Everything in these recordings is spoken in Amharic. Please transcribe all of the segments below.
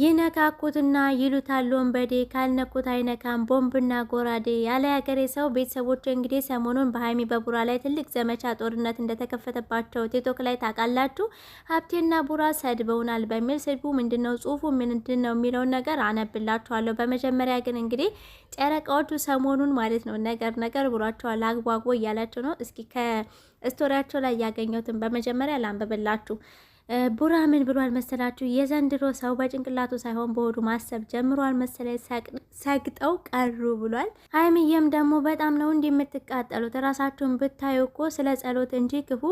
ይነካኩትና ይሉታል ወንበዴ፣ ካልነኩት አይነካም፣ ቦምብና ጎራዴ ያለ ያገሬ ሰው። ቤተሰቦች እንግዲህ ሰሞኑን በሀይሚ በቡራ ላይ ትልቅ ዘመቻ ጦርነት እንደተከፈተባቸው ቲክቶክ ላይ ታውቃላችሁ። ሀብቴና ቡራ ሰድበውናል በሚል ስድቡ ምንድነው፣ ጽሁፉ ምንድነው የሚለውን ነገር አነብላችኋለሁ። በመጀመሪያ ግን እንግዲህ ጨረቃዎቹ ሰሞኑን ማለት ነው ነገር ነገር ብሏቸዋል። አግቧግቦ እያላቸው ነው። እስኪ ከስቶሪያቸው ላይ ያገኘሁትን በመጀመሪያ ላንብብላችሁ። ቡራ ምን ብሏል መሰላችሁ? የዘንድሮ ሰው በጭንቅላቱ ሳይሆን በሆዱ ማሰብ ጀምሯል መሰለኝ ሰግጠው ቀሩ ብሏል። ሀይሚዬም ደግሞ በጣም ነው እንዲህ የምትቃጠሉት ራሳችሁን ብታዩ እኮ ስለ ጸሎት እንጂ ክፉ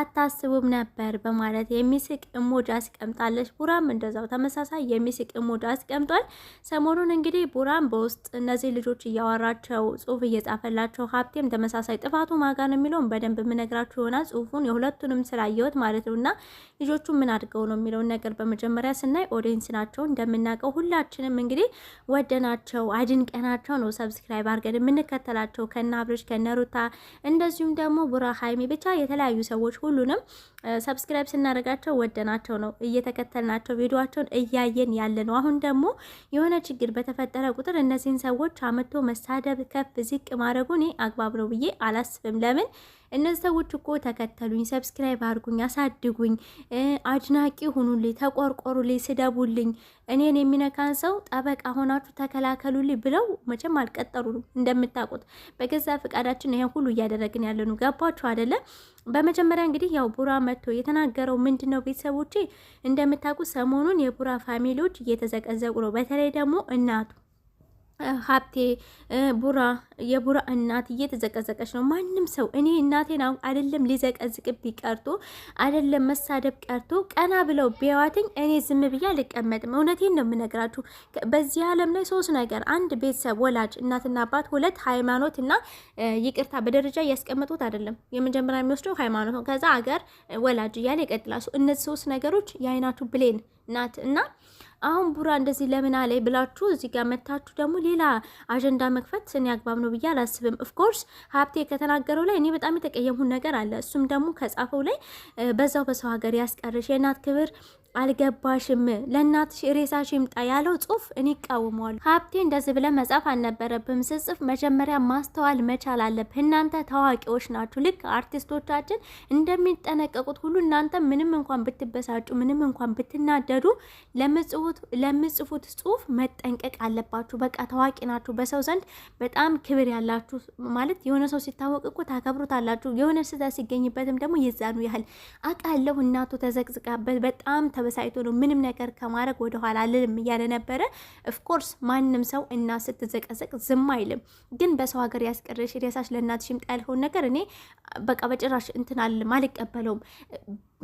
አታስቡም ነበር በማለት የሚስቅ እሞድ አስቀምጣለች። ቡራም እንደዛው ተመሳሳይ የሚስቅ እሞድ አስቀምጧል። ሰሞኑን እንግዲህ ቡራም በውስጥ እነዚህ ልጆች እያወራቸው ጽሁፍ እየጻፈላቸው ሀብቴም ተመሳሳይ ጥፋቱ ማጋ ነው የሚለውን በደንብ የምነግራችሁ ይሆናል። ጽሁፉን የሁለቱንም ስላየሁት ማለት ልጆ ልጆቹ ምን አድርገው ነው የሚለውን ነገር በመጀመሪያ ስናይ ኦዲንስ ናቸው እንደምናውቀው ሁላችንም እንግዲህ ወደናቸው አድንቀናቸው ነው ሰብስክራይብ አድርገን የምንከተላቸው ከነ አብርሽ ከነ ሩታ እንደዚሁም ደግሞ ቡራ ሀይሚ ብቻ የተለያዩ ሰዎች ሁሉንም ሰብስክራይብ ስናደርጋቸው ወደናቸው ነው እየተከተልናቸው ቪዲዮቸውን እያየን ያለ ነው። አሁን ደግሞ የሆነ ችግር በተፈጠረ ቁጥር እነዚህን ሰዎች አመቶ መሳደብ ከፍ ዝቅ ማድረጉ እኔ አግባብ ነው ብዬ አላስብም። ለምን እነዚህ ሰዎች እኮ ተከተሉኝ፣ ሰብስክራይብ አድርጉኝ፣ አሳድጉኝ፣ አድናቂ ሁኑልኝ፣ ተቆርቆሩልኝ፣ ስደቡልኝ፣ እኔን የሚነካን ሰው ጠበቃ ሆናችሁ ተከላከሉልኝ ብለው መቼም አልቀጠሩ። እንደምታውቁት በገዛ ፈቃዳችን ይሄን ሁሉ እያደረግን ያለኑ ገባችሁ አይደለም? በመጀመሪያ እንግዲህ ያው ቡራ መጥቶ የተናገረው ምንድን ነው? ቤተሰቦቼ እንደምታውቁት ሰሞኑን የቡራ ፋሚሊዎች እየተዘቀዘቁ ነው። በተለይ ደግሞ እናቱ ሀብቴ ቡራ የቡራ እናት እየተዘቀዘቀች ነው። ማንም ሰው እኔ እናቴን አሁን አይደለም ሊዘቀዝቅብኝ ቀርቶ አይደለም መሳደብ ቀርቶ ቀና ብለው ቢያዋትኝ እኔ ዝም ብዬ አልቀመጥም። እውነቴን ነው የምነግራችሁ። በዚህ ዓለም ላይ ሶስት ነገር አንድ ቤተሰብ ወላጅ እናትና አባት፣ ሁለት ሃይማኖት እና ይቅርታ በደረጃ እያስቀመጡት አይደለም። የመጀመሪያ የሚወስደው ሃይማኖት ነው። ከዛ አገር፣ ወላጅ እያለ ይቀጥላል። እነዚህ ሶስት ነገሮች የአይናችሁ ብሌን ናት እና አሁን ቡራ እንደዚህ ለምን አለ ብላችሁ እዚህ ጋር መታችሁ ደግሞ ሌላ አጀንዳ መክፈት እኔ አግባብ ነው ብዬ አላስብም። ኦፍኮርስ ሀብቴ ከተናገረው ላይ እኔ በጣም የተቀየሙን ነገር አለ። እሱም ደግሞ ከጻፈው ላይ በዛው በሰው ሀገር ያስቀርሽ የእናት ክብር አልገባሽም ለእናትሽ ሬሳሽ ይምጣ ያለው ጽሁፍ እኔ ይቃወመዋሉ። ሀብቴ እንደዚህ ብለ መጻፍ አልነበረብም። ስጽፍ መጀመሪያ ማስተዋል መቻል አለብህ። እናንተ ታዋቂዎች ናችሁ። ልክ አርቲስቶቻችን እንደሚጠነቀቁት ሁሉ እናንተ ምንም እንኳን ብትበሳጩ፣ ምንም እንኳን ብትናደዱ ለምጽፉት ጽሁፍ መጠንቀቅ አለባችሁ። በቃ ታዋቂ ናችሁ። በሰው ዘንድ በጣም ክብር ያላችሁ ማለት የሆነ ሰው ሲታወቅ እኮ ታከብሩታላችሁ። የሆነ ስህተት ሲገኝበትም ደግሞ ይዛኑ ያህል አቃለሁ እናቱ ተዘቅዝቃበት በጣም ተበሳጭቶ ነው ምንም ነገር ከማድረግ ወደኋላ አልልም እያለ ነበረ። ኦፍኮርስ ማንም ሰው እና ስትዘቀዘቅ ዝም አይልም። ግን በሰው ሀገር ያስቀረሽ ሬሳሽ ለእናትሽ ይምጣ ያልከውን ነገር እኔ በቃ በጭራሽ እንትን አልልም አልቀበለውም።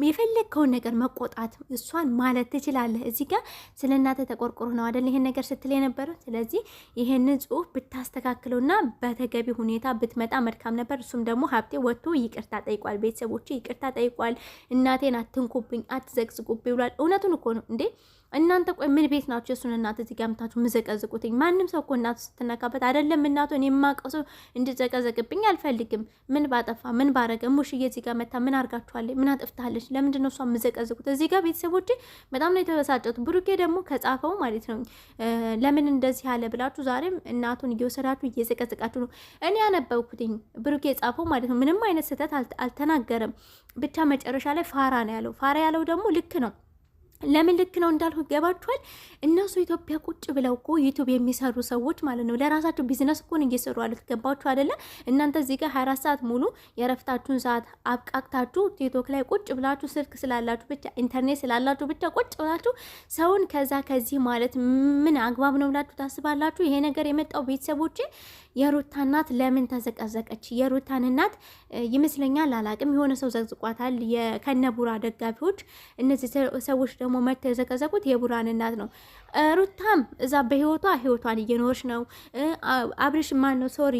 የፈለግከውን ነገር መቆጣት እሷን ማለት ትችላለህ። እዚህ ጋር ስለ እናተ ተቆርቆሮ ነው አደል ይሄን ነገር ስትል የነበረ። ስለዚህ ይሄንን ጽሁፍ ብታስተካክለውና በተገቢ ሁኔታ ብትመጣ መልካም ነበር። እሱም ደግሞ ሀብቴ ወጥቶ ይቅርታ ጠይቋል። ቤተሰቦች ይቅርታ ጠይቋል። እናቴን አትንኩብኝ፣ አትዘቅዝቁብኝ ብሏል። እውነቱን እኮ ነው እንዴ እናንተ ቆይ ምን ቤት ናቸው? እሱን እናት እዚህ ጋር ምታችሁ ምዘቀዝቁትኝ? ማንም ሰው እኮ እናቱ ስትነካበት አይደለም እናቱ እኔ የማውቀው ሰው እንድዘቀዘቅብኝ አልፈልግም። ምን ባጠፋ ምን ባረገ? ሙሽዬ እዚህ ጋር መታ ምን አርጋችኋለ? ምን አጥፍታለች? ትችላለች። ለምንድን ነው እሷ የምዘቀዝቁት? እዚህ ጋር ቤተሰቦቼ በጣም ነው የተበሳጨቱ። ብሩኬ ደግሞ ከጻፈው ማለት ነው ለምን እንደዚህ አለ ብላችሁ ዛሬም እናቱን እየወሰዳችሁ እየዘቀዘቃችሁ ነው። እኔ ያነበብኩትኝ ብሩኬ የጻፈው ማለት ነው ምንም አይነት ስህተት አልተናገረም። ብቻ መጨረሻ ላይ ፋራ ነው ያለው። ፋራ ያለው ደግሞ ልክ ነው ለምን ልክ ነው እንዳልሁ ይገባችኋል። እነሱ ኢትዮጵያ ቁጭ ብለው እኮ ዩቱብ የሚሰሩ ሰዎች ማለት ነው ለራሳቸው ቢዝነስ እኮን እየሰሩ አሉት። ገባችሁ አይደለም? እናንተ እዚህ ጋር 24 ሰዓት ሙሉ የረፍታችሁን ሰዓት አብቃቅታችሁ ቲክቶክ ላይ ቁጭ ብላችሁ ስልክ ስላላችሁ ብቻ ኢንተርኔት ስላላችሁ ብቻ ቁጭ ብላችሁ ሰውን ከዛ ከዚህ ማለት ምን አግባብ ነው ብላችሁ ታስባላችሁ? ይሄ ነገር የመጣው ቤተሰቦቼ የሩታ እናት ለምን ተዘቀዘቀች? የሩታን እናት ይመስለኛል አላቅም፣ የሆነ ሰው ዘቅዝቋታል፣ ከነቡራ ቡራ ደጋፊዎች። እነዚህ ሰዎች ደግሞ መጥተው የዘቀዘቁት የቡራን እናት ነው። ሩታም እዛ በህይወቷ ህይወቷን እየኖረች ነው። አብርሽ ማን ነው ሶሪ፣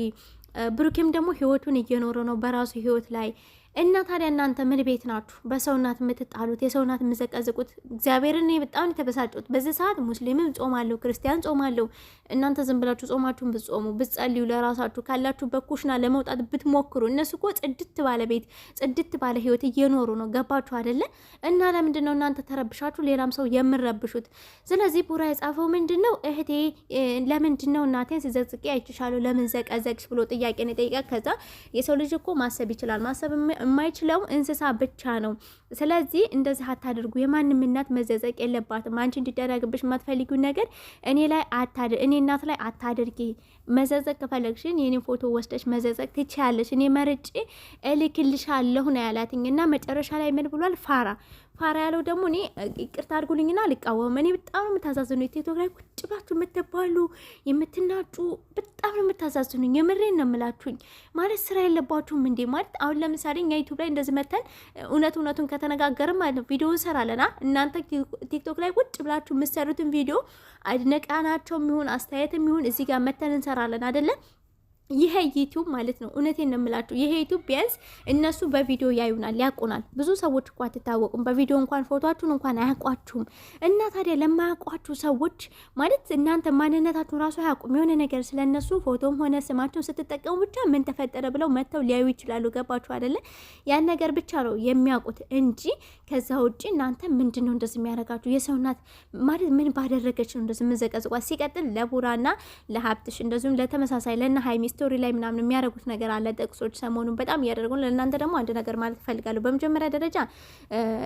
ብሩኬም ደግሞ ህይወቱን እየኖረ ነው በራሱ ህይወት ላይ እና ታዲያ እናንተ ምን ቤት ናችሁ? በሰው እናት የምትጣሉት፣ የሰው እናት የምዘቀዝቁት። እግዚአብሔርን በጣም የተበሳጩት በዚህ ሰዓት ሙስሊምም ጾም አለው፣ ክርስቲያን ጾም አለው። እናንተ ዝም ብላችሁ ጾማችሁን ብትጾሙ ብትጸልዩ፣ ለራሳችሁ ካላችሁበት ኩሽና ለመውጣት ብትሞክሩ። እነሱ እኮ ጽድት ባለ ቤት ጽድት ባለ ህይወት እየኖሩ ነው። ገባችሁ አደለ? እና ለምንድን ነው እናንተ ተረብሻችሁ ሌላም ሰው የምረብሹት? ስለዚህ ቡራ የጻፈው ምንድን ነው? እህቴ ለምንድን ነው እናቴን ሲዘቅዝቄ አይችሻለሁ ለምን ዘቀዘቅሽ ብሎ ጥያቄ ነው ከዛ የሰው ልጅ እኮ ማሰብ ይችላል ማሰብ የማይችለው እንስሳ ብቻ ነው። ስለዚህ እንደዚህ አታድርጉ። የማንም እናት መዘዘቅ የለባትም። አንቺ እንዲደረግብሽ የማትፈልጊው ነገር እኔ ላይ አታድር እኔ እናት ላይ አታድርጊ። መዘዘቅ ከፈለግሽን የኔ ፎቶ ወስደሽ መዘዘቅ ትችያለሽ። እኔ መርጬ እልክልሻለሁ ነው ያላትኝ እና መጨረሻ ላይ ምን ብሏል ፋራ ፋራ ያለው ደግሞ እኔ ይቅርታ አድርጉልኝና አልቃወምም። እኔ በጣም ነው የምታሳዝኑኝ። ቲክቶክ ላይ ቁጭ ብላችሁ የምትባሉ የምትናጩ፣ በጣም ነው የምታሳዝኑኝ። የምሬን ነው የምላችሁኝ። ማለት ስራ የለባችሁም እንዴ? ማለት አሁን ለምሳሌ እኛ ዩቱብ ላይ እንደዚህ መተን እውነት እውነቱን ከተነጋገርም ማለት ነው ቪዲዮ እንሰራለና እናንተ ቲክቶክ ላይ ቁጭ ብላችሁ የምትሰሩትን ቪዲዮ አድነቃናቸው የሚሆን አስተያየት የሚሆን እዚህ ጋር መተን እንሰራለን አደለን ይሄ ዩቲዩብ ማለት ነው። እውነቴን ነው የምላችሁ። ይሄ ዩቲዩብ ቢያንስ እነሱ በቪዲዮ ያዩናል፣ ያውቁናል። ብዙ ሰዎች እኮ አትታወቁም፣ በቪዲዮ እንኳን ፎቶችሁን እንኳን አያውቋችሁም። እና ታዲያ ለማያውቋችሁ ሰዎች ማለት እናንተ ማንነታችሁን ራሱ አያውቁም። የሆነ ነገር ስለነሱ ፎቶም ሆነ ስማቸውን ስትጠቀሙ ብቻ ምን ተፈጠረ ብለው መጥተው ሊያዩ ይችላሉ። ገባችሁ አይደለ? ያን ነገር ብቻ ነው የሚያውቁት እንጂ ከዛ ውጭ እናንተ ምንድን ነው እንደዚህ የሚያደርጋችሁ? የሰው እናት ማለት ምን ባደረገች ነው እንደዚህ የምንዘቀዝቋት? ሲቀጥል ለቡራና ለሀብትሽ እንደዚሁም ለተመሳሳይ ለና ሀይሚስ ስቶሪ ላይ ምናምን የሚያደርጉት ነገር አለ። ጥቅሶች ሰሞኑን በጣም እያደረጉ ለእናንተ ደግሞ አንድ ነገር ማለት እፈልጋለሁ። በመጀመሪያ ደረጃ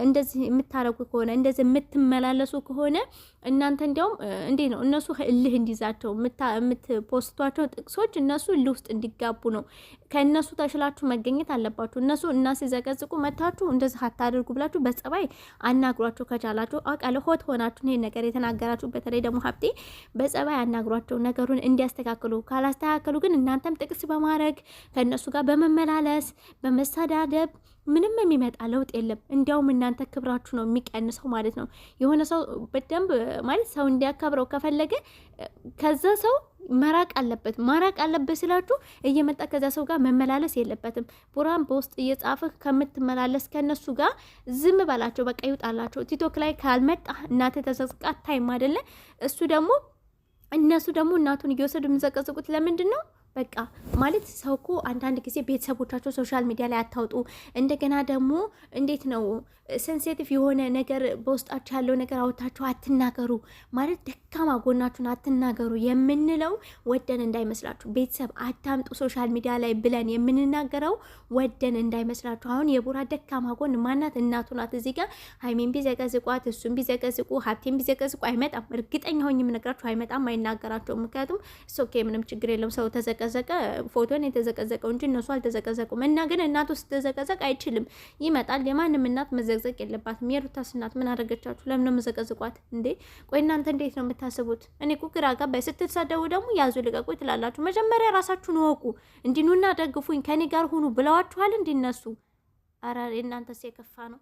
እንደዚህ የምታረጉ ከሆነ እንደዚህ የምትመላለሱ ከሆነ እናንተ እንዲያውም እንዴት ነው እነሱ እልህ እንዲይዛቸው የምትፖስቷቸው ጥቅሶች እነሱ እልህ ውስጥ እንዲጋቡ ነው። ከእነሱ ተሽላችሁ መገኘት አለባችሁ። እነሱ እና ሲዘቀዝቁ መታችሁ እንደዚህ አታደርጉ ብላችሁ በጸባይ አናግሯቸው ከቻላችሁ አውቃለሁ ሆት ሆናችሁ ይሄን ነገር የተናገራችሁ በተለይ ደግሞ ሀብቴ በጸባይ አናግሯቸው ነገሩን እንዲያስተካክሉ ካላስተካከሉ ግን እና እናንተም ጥቅስ በማድረግ ከእነሱ ጋር በመመላለስ በመሰዳደብ ምንም የሚመጣ ለውጥ የለም። እንዲያውም እናንተ ክብራችሁ ነው የሚቀንሰው ማለት ነው። የሆነ ሰው በደንብ ማለት ሰው እንዲያከብረው ከፈለገ ከዛ ሰው መራቅ አለበት። መራቅ አለበት ስላችሁ እየመጣ ከዛ ሰው ጋር መመላለስ የለበትም። ቡራን በውስጥ እየጻፍህ ከምትመላለስ ከእነሱ ጋር ዝም በላቸው፣ በቃ ይውጣላቸው። ላይ ካልመጣ እናተ ተዘዝቃ ታይም አይደለ? እሱ ደግሞ እነሱ ደግሞ እናቱን እየወሰዱ የሚዘቀዝቁት ለምንድን ነው? በቃ ማለት ሰው እኮ አንዳንድ ጊዜ ቤተሰቦቻቸው ሶሻል ሚዲያ ላይ አታውጡ። እንደገና ደግሞ እንዴት ነው ሴንሴቲቭ የሆነ ነገር በውስጣቸው ያለው ነገር አውታቸው አትናገሩ፣ ማለት ደካማ ጎናችሁን አትናገሩ የምንለው ወደን እንዳይመስላችሁ። ቤተሰብ አታምጡ ሶሻል ሚዲያ ላይ ብለን የምንናገረው ወደን እንዳይመስላችሁ። አሁን የቡራ ደካማ ጎን ማናት? እናቱ ናት። እዚህ ጋር ሀይሜን ቢዘቀዝቋት፣ እሱን ቢዘቀዝቁ፣ ሀብቴን ቢዘቀዝቁ አይመጣም። እርግጠኛ ሆኜ የምነግራችሁ አይመጣም፣ አይናገራቸውም። ምክንያቱም እሱ ኦኬ ምንም ችግር የለም ሰው ተዘቀ ከተዘቀዘቀ ፎቶን የተዘቀዘቀው እንጂ እነሱ አልተዘቀዘቁም። እና ግን እናቱ ስትዘቀዘቅ አይችልም ይመጣል። የማንም እናት መዘቅዘቅ የለባትም። የሩታስ እናት ምን አደረገቻችሁ? ለምን ነው መዘቀዝቋት እንዴ? ቆይ እናንተ እንዴት ነው የምታስቡት? እኔ እኮ አጋባይ ስትሳደቡ ደግሞ ያዙ ልቀቁ ትላላችሁ። መጀመሪያ ራሳችሁን እወቁ። እንዲኑና ደግፉኝ፣ ከኔ ጋር ሁኑ ብለዋችኋል እንዲነሱ። እናንተ እናንተስ የከፋ ነው።